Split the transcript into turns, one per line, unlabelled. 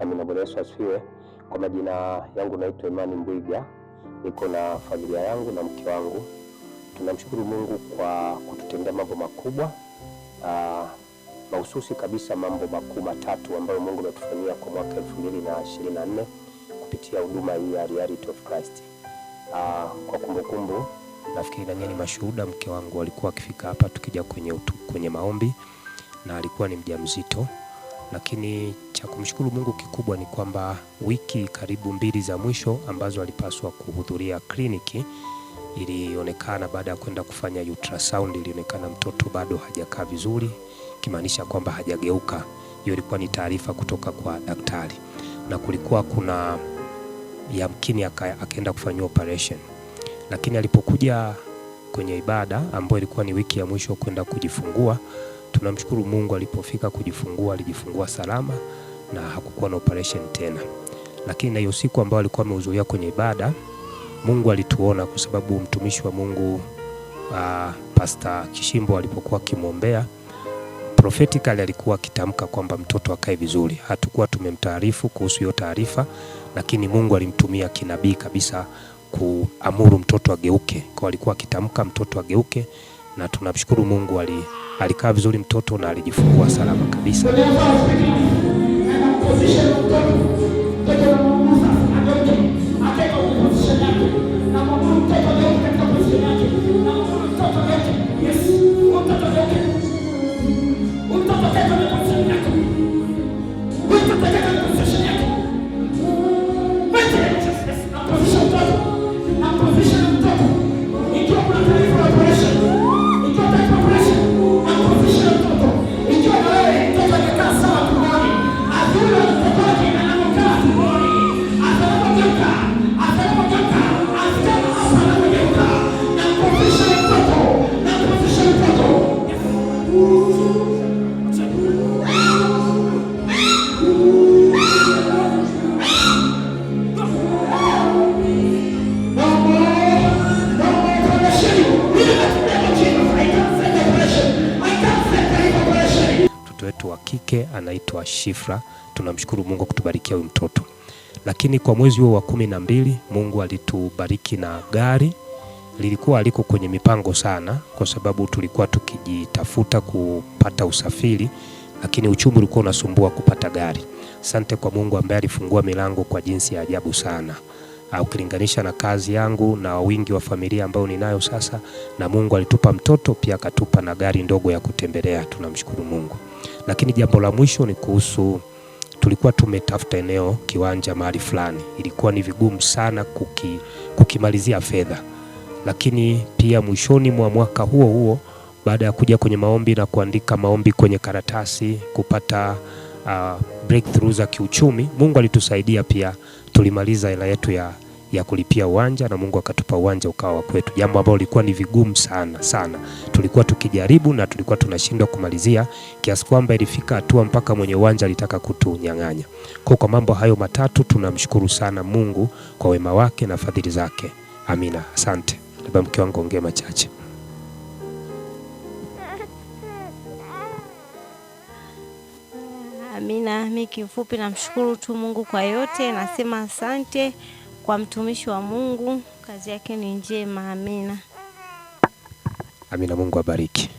Amina. Bwana Yesu asifiwe. Kwa majina yangu naitwa Imani Mbwiga, niko na familia yangu na mke wangu. Tunamshukuru Mungu kwa kututendea mambo makubwa, ah, mahususi kabisa mambo makuu matatu ambayo Mungu ametufanyia kwa mwaka 2024 kupitia huduma hii ya Reality of Christ. Aa, ah, kwa kumbukumbu nafikiri na nyinyi ni mashuhuda, mke wangu alikuwa akifika hapa tukija kwenye, utu, kwenye maombi na alikuwa ni mjamzito lakini cha kumshukuru Mungu kikubwa ni kwamba wiki karibu mbili za mwisho ambazo alipaswa kuhudhuria kliniki ilionekana baada ya kwenda kufanya ultrasound, ilionekana mtoto bado hajakaa vizuri, kimaanisha kwamba hajageuka. Hiyo ilikuwa ni taarifa kutoka kwa daktari, na kulikuwa kuna yamkini akaenda kufanyiwa operation, lakini alipokuja kwenye ibada ambayo ilikuwa ni wiki ya mwisho kwenda kujifungua Tunamshukuru Mungu, alipofika kujifungua alijifungua salama na hakukuwa na operation tena. Lakini na hiyo siku ambayo alikuwa amehudhuria kwenye ibada, Mungu alituona kwa sababu mtumishi wa Mungu uh, Pastor Kishimbo alipokuwa akimwombea prophetically alikuwa akitamka kwamba mtoto akae vizuri. Hatukuwa tumemtaarifu kuhusu hiyo taarifa, lakini Mungu alimtumia kinabii kabisa kuamuru mtoto ageuke. Kwa alikuwa akitamka mtoto ageuke na tunamshukuru Mungu ali, alikaa vizuri mtoto na alijifungua salama kabisa. wetu wa kike anaitwa Shifra. Tunamshukuru Mungu kutubarikia huyu mtoto. Lakini kwa mwezi huo wa kumi na mbili Mungu alitubariki na gari, lilikuwa aliko kwenye mipango sana, kwa sababu tulikuwa tukijitafuta kupata usafiri, lakini uchumi ulikuwa unasumbua kupata gari. Sante kwa Mungu ambaye alifungua milango kwa jinsi ya ajabu sana ukilinganisha na kazi yangu na wingi wa familia ambayo ninayo sasa, na Mungu alitupa mtoto pia akatupa na gari ndogo ya kutembelea. Tunamshukuru Mungu. Lakini jambo la mwisho ni kuhusu, tulikuwa tumetafuta eneo kiwanja mahali fulani, ilikuwa ni vigumu sana kuki, kukimalizia fedha, lakini pia mwishoni mwa mwaka huo huo baada ya kuja kwenye maombi na kuandika maombi kwenye karatasi kupata uh, ah, breakthrough za kiuchumi, Mungu alitusaidia pia tulimaliza hela yetu ya, ya kulipia uwanja na Mungu akatupa uwanja ukawa wa kwetu, jambo ambalo lilikuwa ni vigumu sana sana. Tulikuwa tukijaribu na tulikuwa tunashindwa kumalizia, kiasi kwamba ilifika hatua mpaka mwenye uwanja alitaka kutunyang'anya. Kwa kwa mambo hayo matatu, tunamshukuru sana Mungu kwa wema wake na fadhili zake. Amina, asante Labda mke wangu, machache.
Amina. Mi kifupi, namshukuru tu Mungu kwa yote, nasema asante kwa mtumishi wa Mungu, kazi yake ni njema. Amina.
Amina, Mungu abariki.